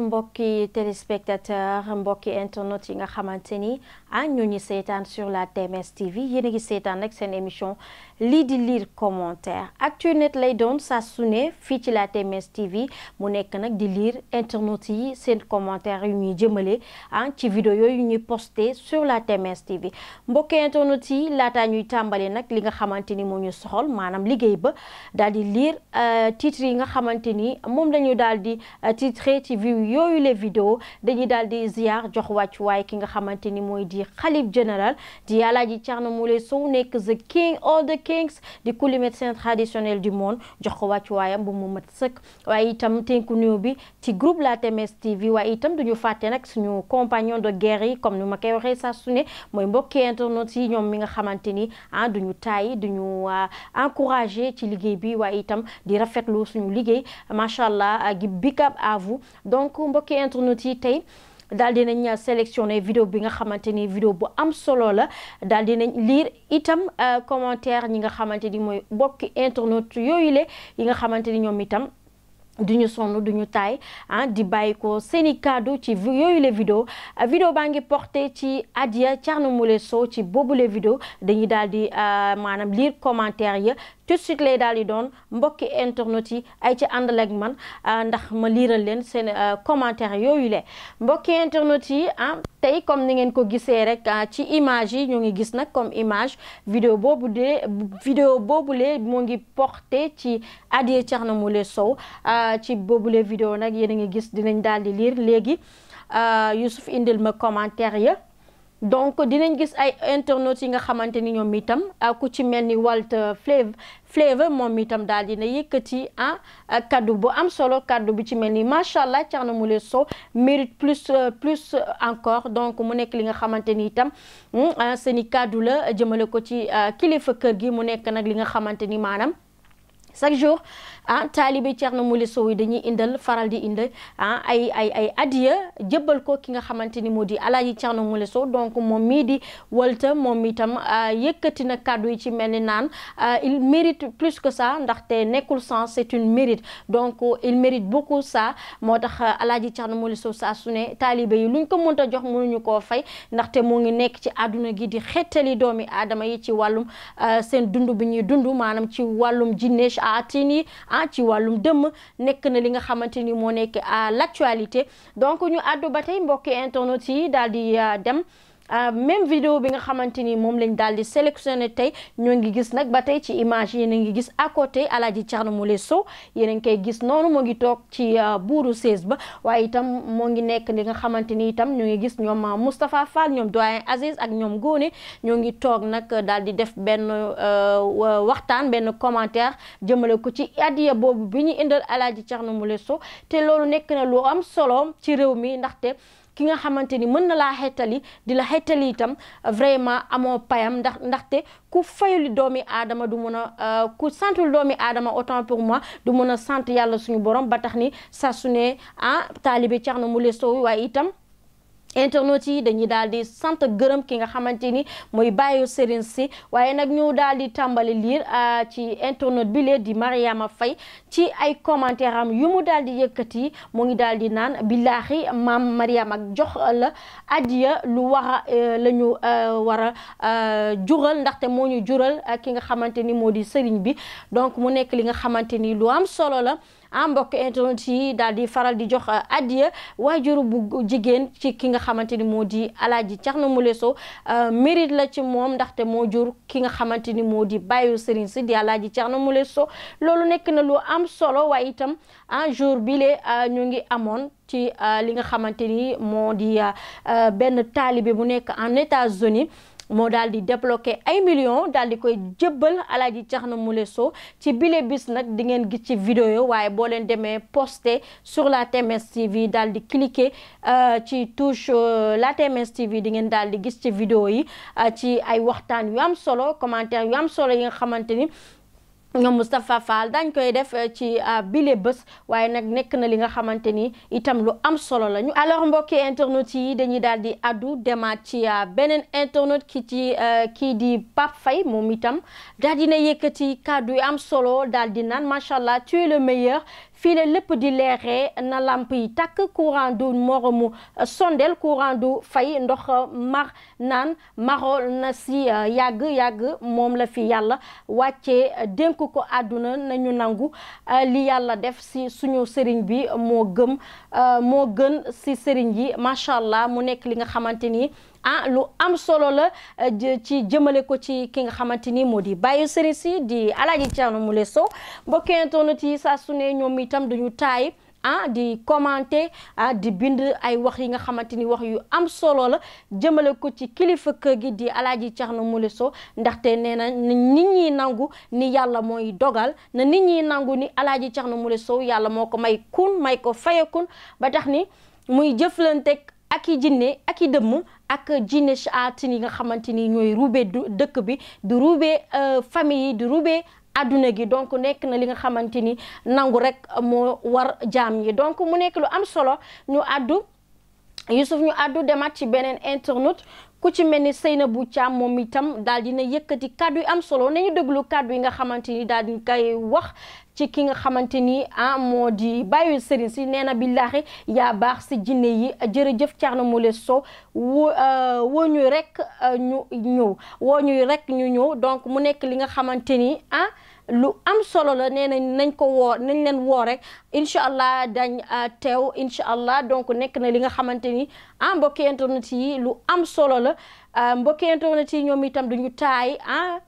mbokki téléspectateur mbokki internet yi nga xamante ni ah ñu seetaan sur la TMS TV yéen a ngi seetaan nag seen émission lii di lire commentaire actunet lay doon saa su ne fii ci la TMS TV mu nekk nag di liir internet yi seen commentaire yu ñuy jëmale ah ci vidéo yooyu ñuy posté sur la TMS TV mbokki internet yi laataa ñuy tàmbale nag li nga xamante ni moo ñu soxol maanaam liggéey ba daal di lire euh, titre yi nga xamante moom la ñu yooyu les vidéo dañuy daal di ziar jox wàccuwaay ki nga xamante ni mooy di xalif général di Alaaji Thierno Moule Sow nekk the king all the kings di kuli médecin traditionnel du monde jox ko wàccuwaayam bu mu mat sëkk waaye itam tënku néew bi ci groupe La TMS TV waaye itam duñu fàtte nag suñu compagnon de guerre yi comme nu ma koy waxee saa su ne mooy mbokki internet yi ñoom mi nga xamante ni ah duñu taay duñu ah, encouragé ci liggéey bi waaye itam di rafetlu suñu liggéey macha allah ah, gi big up mbokki internet yi tey daal dinañ sélectionné video bi nga xamante ni vidéo bu am solo la daal dinañ liir itam euh, commentaire ñi nga xamante ni mooy mbokki internet yooyu le yi nga xamante ni ñoom itam duñu sonn duñu taay ah di bàyyi ko seen i kàddu ci yooyu les vidéo euh, vidéo baa ngi porté ci Adia Thierno Moule Sow ci boobu les vidéo dañuy daal di euh, maanaam liir commentaire ya tout de lay daal di doon mbokki internet yi ay ci àndal ak man ah, ndax ma liiral leen seen ah, commentaire yooyu le mbokki internet yi am ah, tey comme ni ngeen ko gisee rek ci image yi ñoo ngi gis nag comme image vidéo boobu de vidéo boobule moo ngi porté ci Adja mu Moule Sow ci boobu boobule vidéo nag yéen a ngi gis dinañ daal di liir léegi Youssouf indil ma commentaire ya donc dinañ gis ay internautes yi nga xamante ni ñoom itam ah, ku ci mel ni walt Flave Flave moom itam daal dina yëkkati ah kaddu bu am solo kàddu bu ci mel ni macha allah mu Moule Sow mérite plus euh, plus euh, encore donc mu nekk li nga xamante ni itam hmm, ah, seeni kaddu la jëmale ko ci ah, kilifa kër gi mu nekk nag li nga xamante ni maanaam chaque jour. ah taalibe Thierno Moule Sow yi dañuy indal faral di indal ah ay ay ay adiya jëbbal ko ki nga xamante ni moo di Alaaji Thierno Moule Sow donc moom mii di walta moom itam ah, yëkkati na kàddu yi ci mel ni naan ah, il mérite plus que ça ndaxte nekkul sens c'est une mérite donc il mérite beaucoup ça moo tax ah, Alaaji Thierno Moule Sow saa su ne taalibe yi ñu ko mënta jox mënuñu koo fay ndaxte moo ngi nekk ci àdduna gi di xettali doomi aadama yi ci wàllum seen dundu bi ñuy dundu maanaam ci wàllum jinne atin yi ah ci wàllum dëmm nekk na li nga xamante ni moo nekk à l' donc ñu àddu ba tey mbokki internet yi daal di euh, dem Euh, même vidéo bi nga xamante ni moom lañ daal di sélectionné tey ñoo ngi gis nag ba tey ci image yéen a ngi gis à côté Alaaji Thierno Moule Sow yéen a ngi koy gis noonu moo ngi toog ci euh, buuru sais ba waaye itam moo ngi nekk li nga xamante ni itam ñoo ngi gis ñoom euh, Moustapha Fall ñoom doyen Aziz ak ñoom Gone ñoo ngi toog nag daal di def benn waxtaan benn commentaire jëmale ko ci adiya boobu bi ñu indal Alaaji Thierno Moule Sow te loolu nekk na lu am solo ci réew mi ndaxte ki nga xamante ni mën na laa xettali di la xettali itam euh, vraiment amoo payam ndax ndaxte ku fayuli doomi aadama du mun a euh, ku santul doomi adama autant pour moi du mun a sant yàlla suñu borom ba tax ni saa su ne ah taalibe Thierno Moule Sow waaye itam internet yi dañuy daal di sant gërëm ki nga xamante ni mooy bàyyi Serigne si waaye nag ñu daal di tàmbali liir euh, ci internet bi lee di Mariama Faye ci ay commentaire am yu mu daal di yëkkati mu ngi daal di naan billaahi maam Mariama ak jox la adiya lu war a euh, la ñu euh, war a jural ndaxte moo ñu jural ki nga xamante ni moo di Serigne bi donc mu nekk li nga xamante ni lu am solo la ah mbokk internet yi daal di faral di jox uh, addiya waajuru bu jigéen ci ki nga xamante ni moo di alaaji Thierno Moule Sow uh, mérite la ci moom ndaxte moo jur ki nga xamante ni moo di bàyyu Serigne si di alaaji Thierno Moule Sow loolu nekk na lu am solo waaye itam un ah, jour bile uh, ñu ngi amoon ci li nga xamante ni moo di benn taalibe bu nekk en États-Unis moo daal di débloqué ay millions daal di koy jëbbal Alaaji Thierno Moule Sow ci bile bis nag di ngeen gis ci vidéo waaye boo leen demee posté sur la TMS TV daal di cliqué euh, ci touche euh, la TMS TV di ngeen daal di gis ci vidéo yi euh, ci ay waxtaan yu am solo commentaire yu am solo yi nga xamante ni ñoom Moustapha Fall dañ koy def euh, ci bile bés waaye nag nekk na li nga xamante ni itam lu am solo la ñu. alors mbokki internet yi dañuy daal di addu demaat ci beneen internet ki ci euh, kii di Pape fay moom itam daal dina yëkkati kàddu yi am solo daal di naan macha allah tu es le meilleur. fii la lépp di leexe na làmp yi takk courant du moromu euh, sondel courant du fay ndox euh, mar naan maro na si euh, yàgg yàgg moom la fi yàlla wàccee dénk ko àdduna nañu nangu li yàlla def si suñu sëriñ bi moo moo gën si sëriñ yi macha allah mu nekk li nga xamante ni Ah, lu am solo la euh, ci jëmale ko ci ki nga xamante ni moo di bàyyi sëriñ si di alaaji Thierno Moule Sow mbokki internet yi saa su ne ñoom itam dañu taay ah di commenter ah di bind ay wax yi nga xamante ni wax yu am solo la jëmale ko ci kilifa kër gi di alaaji Thierno Moule Sow ndaxte nee na nit ñi nangu ni yàlla mooy dogal na nit ñi nangu ni alaaji Thierno Moule Sow yàlla moo ko may kun may ko fayakun ba tax ni muy jëflanteeg. ak i jinne ak i dëmm ak jinne saatin yi nga xamante ni ñooy ruube dëkk bi du ruube euh, famille yi di ruube adduna gi donc nekk na li nga xamante ni nangu rek moo war jaam yi donc mu nekk lu am solo ñu addu Youssouf ñu addu demat ci beneen internaute ku ci mel ni Seynabou Thiam moom itam daal dina yëkkati kàddu yi am solo nañu déglu kaddu yi nga xamante ni daal di koy wax ci ki nga xamante ni ah moo di bàyyil sëriñ si nee na billaahi yaa baax si jinne yi jërëjëf Thierno Moule Sow woo euh, woo ñuy rek euh, ñu ñëw woo ñuy rek ñu ñëw donc mu nekk li nga xamante ni ah lu am solo la nee nañ nañ ko woo nañ leen woo rek incha allah dañ euh, teew incha allah donc nekk na li nga xamante ni ah mbokki internet yi lu am solo la Euh, mbokki internet yi ñoom itam duñu taay ah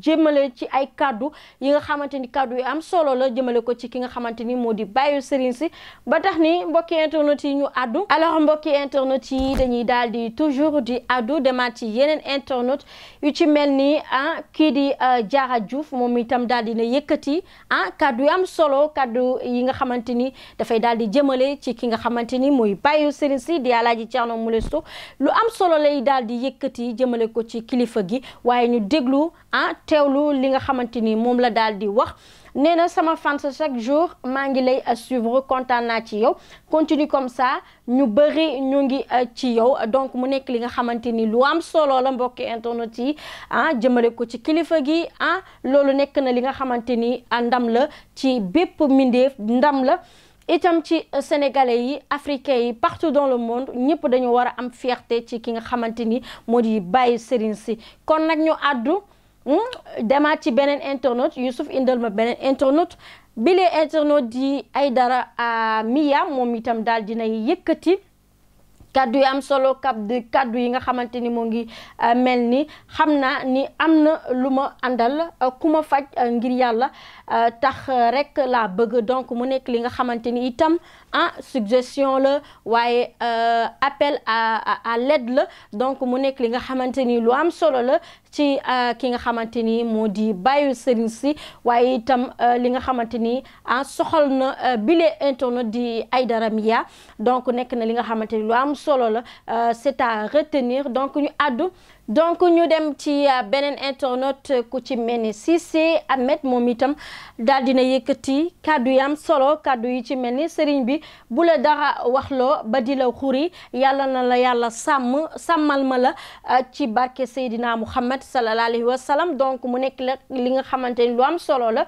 jëmale ci ay kaddu yi nga xamante ni kaddu yi am solo la jëmale ko ci ki nga xamante ni moo di bàyyi sëriñ si ba tax ni mbokki internet ñu addu alors mbokki internet yi dañuy daal di toujours di addu demaat ci yeneen internet yu ci mel ni ah kii di euh, Diarra Diouf moom itam daal di na yëkkati ah kaddu yu am solo kaddu yi nga xamante ni dafay daal di jëmale ci ki nga xamante ni mooy bàyyi sëriñ si di Alaaji Thierno Moule to lu am solo lay daal di yëkkati yëkkati jëmale ko ci kilifa gi waaye ñu déglu ah teewlu li nga xamante ni moom la daal di wax nee na sama fans chaque jour maa ngi lay euh, suivre kontaan naa ci yow continue comme ça ñu bëri ñu ngi euh, ci yow donc mu nekk li nga xamante ni lu am solo la mbokki internet yi ah jëmale ko ci kilifa gi ah loolu nekk na li nga xamante ni ah, ndam la ci bépp mbindeef ndam la itam ci sénégalais yi africains yi partout dans le monde ñëpp dañu war a am fierté ci ki nga xamante ni moo di Baye Serigne Sy kon nag ñu àddu hmm, demaat ci beneen internaute Youssouf indal ma beneen internaute bile internaute di ay dara Aïdara ah, Miya moom itam daal dinay yëkkati kaddu yi am solo kaddu yi nga xamante ni moo ngi euh, mel ni xam naa ni am na lu ma àndal euh, ku ma faj euh, ngir yàlla tax rek laa bëgg donc mu nekk li nga xamante ni itam ah suggestion la waaye appel à à la donc mu nekk li nga xamante ni lu am solo la ci euh, ki nga xamante ni moo di bàyyi sëriñ si waaye itam euh, li nga xamante ni ah na euh, bile internet di Aïdara Mia donc nekk na li nga xamante ni lu am solo la c'est à retenir donc ñu àddu donc ñu dem ci euh, beneen internaute euh, ku ci mel ni Cissé Ahmed moom itam daal dina yëkkati kàddu yi am solo kàddu yi ci mel ni sëriñ bi bu la dara loo ba di la xuri yàlla na la yàlla sàmm sàmmal ma la euh, ci barke Seydina Muhammad sallallahu alayhi wa sallam donc mu nekk la li nga xamante ni lu am solo la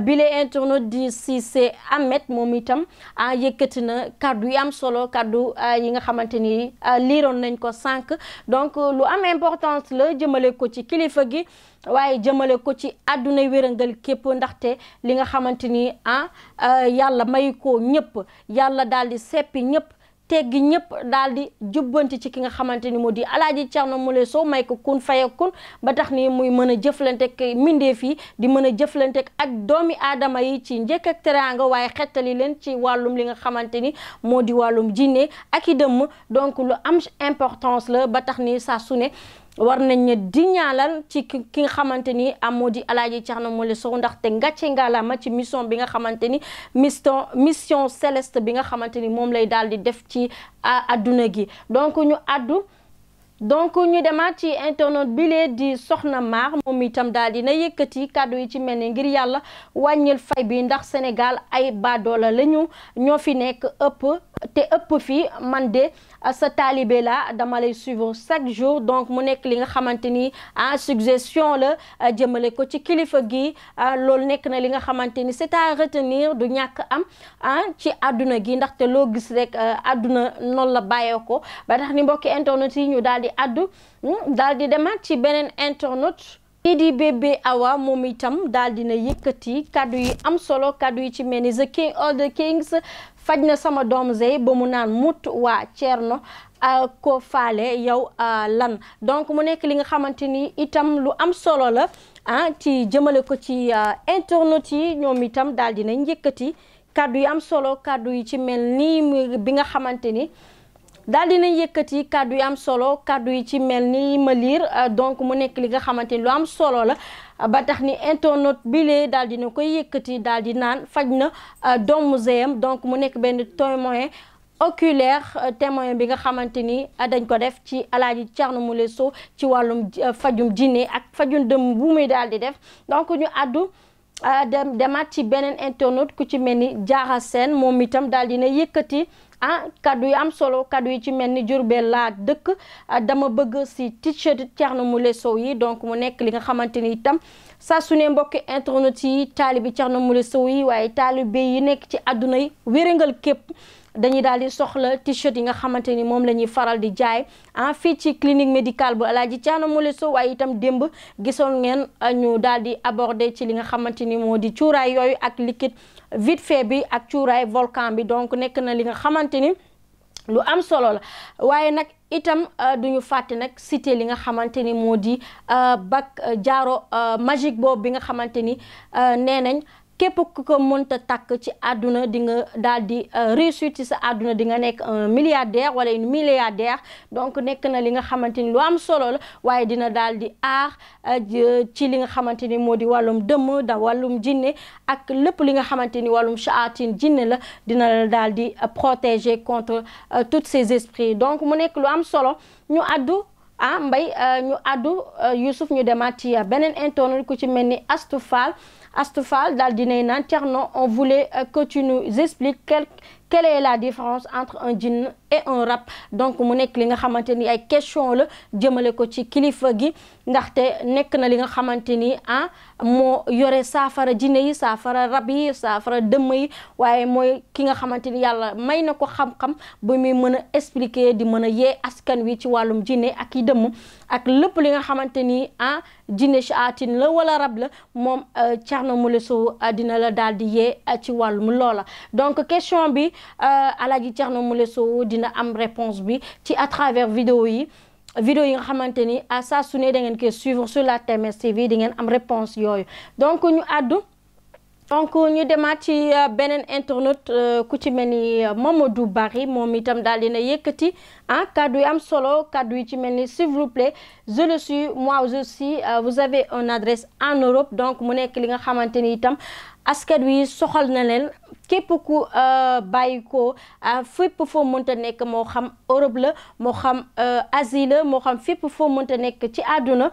bile internaute di Cissé Ahmed moom itam ah yëkkati na kàddu yi am solo kàddu yi nga xamante ni liiroon nañ ko sànq donc lu am importance la jëmale ko ci kilifa gi waaye jëmale ko ci àdduna wérangal képp ndaxte li nga xamante ni ah euh, yàlla may ko ñëpp yàlla daal di seppi ñëpp teggi ñëpp daal di jubbanti ci ki nga xamante ni moo di alaaji Thierno Moule Sow may ko kun fayakun ba tax ni muy mën a jëflanteeg mbindeef yi di mën a jëflanteeg ak doomi aadama yi ci njëkk ak teraanga waaye xettali leen ci wàllum li nga xamante ni moo di wàllum jinne ak i dëmm donc lu am importance la ba tax ni saa su ne war nañ ne di ñaalal ci ki nga xamante ni amoo di alaaji Thierno Moule Sow ndaxte ngàcce ngaalama ci mission bi nga xamante ni mission mission céleste bi nga xamante ni moom lay daal di def ci àdduna gi donc ñu addu donc ñu demaat ci internet bile di soxna maar moom itam daal dina yëkkati kàddu yi ci mel ni ngir yàlla wàññil fay bi ndax Sénégal ay baadoola la ñu ñoo fi nekk ëpp te ëpp fi man de sa taalibe la dama lay suivre chaque jour donc mu nekk li nga xamante ni en ah, suggestion la ah, jëmale ko ci kilifa gi ah, loolu nekk na li nga xamante ni c'est à retenir du ñàkk am ah ci àdduna gi ndaxte loo gis rek àdduna noonu la bàyyee ko tax ni mbokki internet yi addu hmm, daal di demaat ci beneen internaute kii di awa moom itam daal na yëkkati kàddu yi am solo kàddu yi ci mel ni the king of kings faj na sama doom zey ba mu naan mut waa Thierno ko faale yow lan donc mu nekk li nga xamante ni itam lu am solo la ah ci jëmale ko ci internautes yi ñoom itam daal dina yëkkati kàddu yi am solo kàddu yi ci mel nii bi nga xamante ni daal dinañ yëkkati kàddu yi am solo kàddu yi ci mel ni ma liir euh, donc mu nekk li nga xamante ni lu am solo la euh, ba tax ni internet bile daal na koy yëkkati daal di naan faj na euh, doomu zeyam donc mu nekk benn témoin oculaire témoin bi nga xamante ni dañ ko def ci alaaji Thierno Moule Sow ci wàllum fajum jinne ak fajum dëmm bu muy daal di def donc ñu àddu dem demaat ci beneen internet ku ci mel ni jaaxal seen moom itam daal dina yëkkati ah kaddu yi am solo kaddu yi ci mel ni Diourbel laa dëkk ah, dama bëgg si t-shirt Thierno Moule Sow yi donc mu nekk li nga xamante ni itam saa su ne mbokki internet yi na mu Moule Sow yi waaye taalibe yi nekk ci àdduna yi wérangal képp dañuy daal di soxla t-shirt yi nga xamante ni moom la ñuy faral di jaay en ah, fii ci clinique médicale bu Alaaji Caana Moule Sow waaye itam démb gisoon ngeen ah, ñu daal di aborder ci li nga xamante ni moo di cuuraay yooyu ak liquide vite fait bi ak cuuraay volcan bi donc nekk na li nga xamante ni lu am solo la waaye nag itam ah, duñu fàtte nag cité li nga xamante ni moo di bac jaaro magique boobu bi nga xamante ni nee nañ képp ku ko mënta takk ci adduna di nga daal di euh, réussir ci sa àdduna di nga nekk un milliardaire wala une milliardaire donc nekk na li nga xamante ni lu am solo la waaye dina daal di aar euh, ci li nga xamante ni moo di wàllum dëmm da wàllum jinne ak lépp li nga xamante ni wàllum chaatin jinne la dina la daal di euh, protéger contre tous ces esprits donc mu nekk lu am solo ñu addu ah mbay ñu addu Youssouf ñu demaat ci beneen intone ku ci mel ni Astou Fall Astou Fall daal dinay naan Thierno on voulait euh, que tu nous expliques quelque quelle est la différence entre un djinn et un rab donc mu nekk li nga xamante ni ay question la jëmale ko ci kilifa gi ndaxte nekk na li nga xamante ni ah moo yore saafara jinne yi saafara rab yi saafara dëmm yi waaye mooy ki nga xamante ni yàlla may na ko xam-xam bu muy mën a expliquer di mën a yee askan wi ci wàllum jinne ak yi dëmm ak lépp li nga xamante ni ah jinne shaatin la wala rab la moom euh, Thierno Moule Sow addina ah, la daal di yee ah, ci wàllum loola donc Euh, Alaaji Thierno Moule Sow dina am réponse bi ci à travers vidéo yi vidéo yi nga xamante ni à saa su dangeen da ngeen koy suivre sur la TMS TV di ngeen am réponse yooyu donc ñu àddu donc ñu demaat ci euh, beneen internaute euh, ku ci mel ni Mamadou Barry moom itam daal dina yëkkati ah kaddu yi am solo kaddu yi ci mel ni s'il vous plaît je le suis moi aussi vous avez une adresse en Europe donc mu nekk li nga xamante ni itam askan yi soxal na leen képp ku euh, bàyyi ko euh, fépp foo mënta nekk moo xam Europe la moo xam euh, Asie la moo xam fépp foo mënta nekk ci àdduna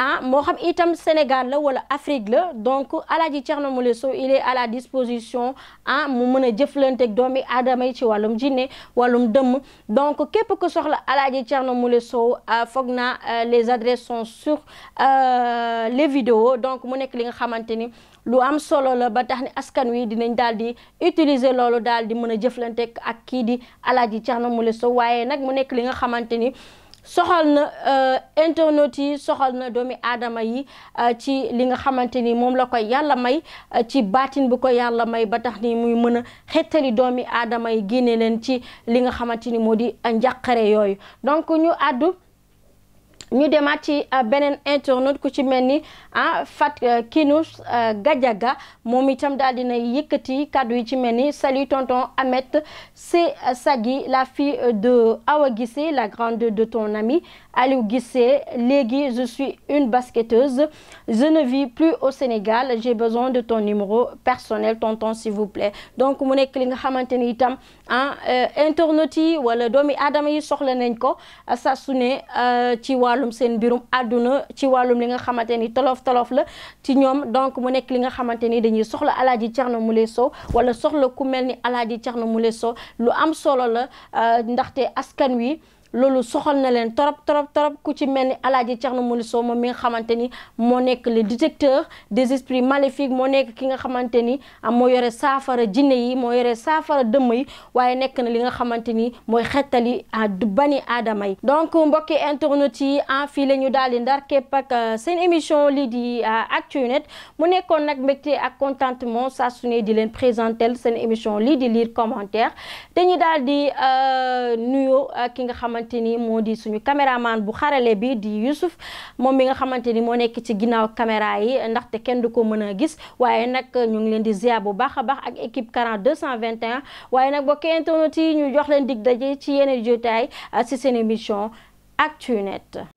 ah moo xam itam Sénégal la wala Afrique la donc Alaaji Thierno Moule Sow il est à la disposition ah mu mën a jëflanteeg doomi aadama yi ci wàllum jinne wàllum dëmm donc képp ku soxla Alaaji mu Moule Sow foog naa les adresses sont sur les video donc mu nekk li nga xamante ni lu am solo la ba tax ni askan wii dinañ daal di utiliser loolu daal di mën a jëflante ak kii di Alaaji Thierno Moule Sow waaye nag mu nekk li nga xamante ni soxal na euh, internet yi soxal na doomi aadama yi euh, ci li nga xamante ni moom la ko yàlla may euh, ci baatin bu ko yàlla may ba tax ni muy mën a xettali doomi aadama yi génne leen ci li nga xamante ni moo di njàqare yooyu donc ñu àddu ñu demaat ci euh, beneen internaute ku ci mel ni ah Fat euh, kinu euh, Gadiaga moom itam daal dina yëkkati kàddu yi ci mel ni salut tonton Ahmed c'est Sagi la fi de Awa Guissé la grande de ton ami Aliou Guissé léegi je suis une basketteuse je ne vis plus au Sénégal j'ai besoin de ton numéro personnel tonton s'il vous plaît donc mu nekk li nga xamante ni itam ah internautes yi wala doomi aadama yi soxla nañ ko saa su ne ci wàllu wàllum seen mbirum àdduna ci wàllum li nga xamante ni tolof tolof la ci ñoom donc mu nekk li nga xamante ni dañuy soxla alaaji Thierno Moule Sow wala soxla ku mel ni alaaji Thierno Moule Sow lu am solo la euh, ndaxte askan wi loolu soxal na leen torop torop torop ku ci mel ni alaaji Thierno Moule Sow moom mi nga xamante ni moo nekk le détecteur des esprits maléfiques moo nekk ki nga xamante ni ah, moo yore saafara jinne yi moo yore saafara dëmm yi waaye nekk na li nga xamante ni mooy xettali ah, bani aadama yi donc mbokki internet yi en ah, fii ñu daal di ndar képp ak seen émission lii di Actunet mu nekkoon nag mbégte ak contentement sa su di leen présentel seen émission lii di lire commentaire dañuy daal di euh, nuyoo ki nga xamante xamante ni moo di suñu caméraman bu xarale bi di yusuf moom mi nga xamante ni moo nekk ci ginnaaw caméra yi ndaxte kenn du ko mën a gis waaye nag ñu ngi leen di ziar bu baax a baax ak équipe 40 221 waaye nag bokk internet yi ñu jox leen dig daje ci yeneen jotaay ci seen émission Actunet